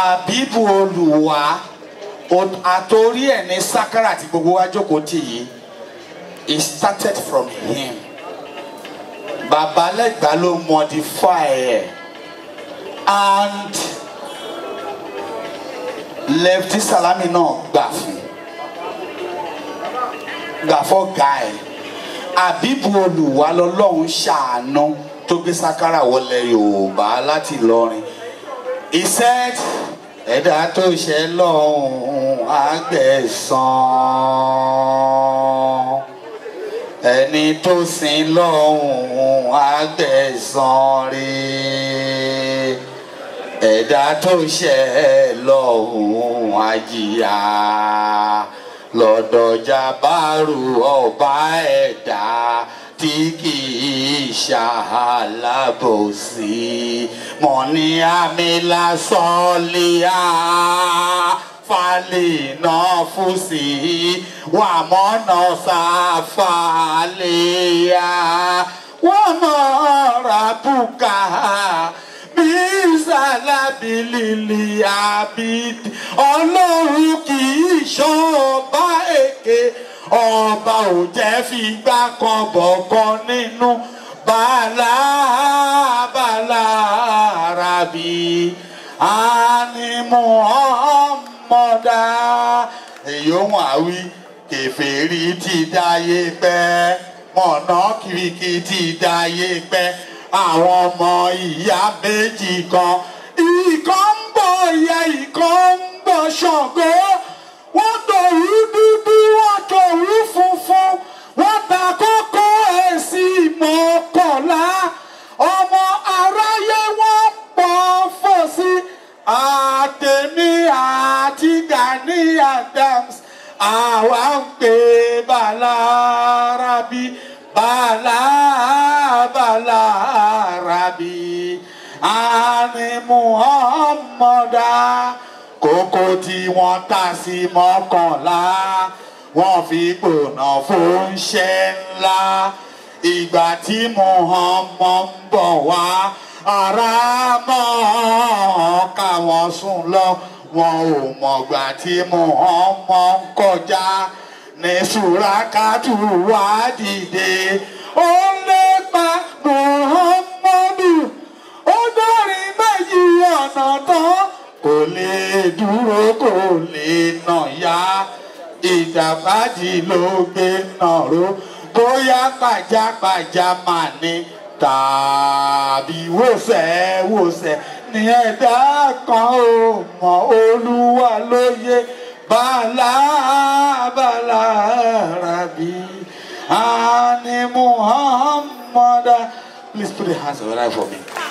àbíbù olùwà àtòrí ẹ̀ ní sakara àti gbogbo wa jókòó tì yìí it started from him babalẹ́gbà ló modify ẹ̀ and lefty salami náà gbà fún gbà fọ́ guy àbíbù olùwà lọ́lọ́run ṣàánú tó gbé sakara wọlé Yorùbá láti Ìlọrin. He said, ẹ̀dá tó ṣe lọ́hùn àgbẹ̀san ẹni tó sin lọ́hùn àgbẹ̀san rí ẹ̀dá tó ṣe lọ́hùn àjìyà lọ́dọ̀ Jàbárù ọba ẹ̀dá tí kìí ṣàhàlábòsí mo ní àmì lásọ̀ọ́lìyà fali na fusi wa mona sa falia wa mora buka bisalabilili abid Ọlọ́run kì í ṣọba èké ọba ò jẹ́ fi gbá kan bọ̀kan nínú. No bala bala rabi ani muhammada èyóhùn àwí kèfèrí ti dáyé pẹ́ mọ̀nà kìrìkì ti dáyé pẹ́ àwọn ọmọ ìyá méjì kan ìkan ń bọ̀ ìyá ìkan ń bọ̀ ṣọ̀gbọ́n wọ́n dòwú. ní adams àwa ń pè balarabi balabalarabi àní muhammadu kókó tí wọ́n ta si mọ́kànlá wọ́n fi gbóná fún ṣẹ́ ńlá ìgbà tí muhammad ń bọ̀ wá ara mọ́ ká wọ́n sùn lọ wọn ò mọ̀gbà tí mo hàn mọ́ ń kọjá ní sùràkàtù wá dìde ó ń lépa Muhammadu ó dọ́rin méjì ọ̀nà tán kò lè dúró kò lè nà ya ìjàmbájì ló gbé nàró bóyá pàjápàjá mà ní tàbí wòsẹ̀wòsẹ̀ ni ẹ̀dá kan ò mọ̀ olúwa lóye bàlá bàlá rabi ani muhammad please put your hands over there for me.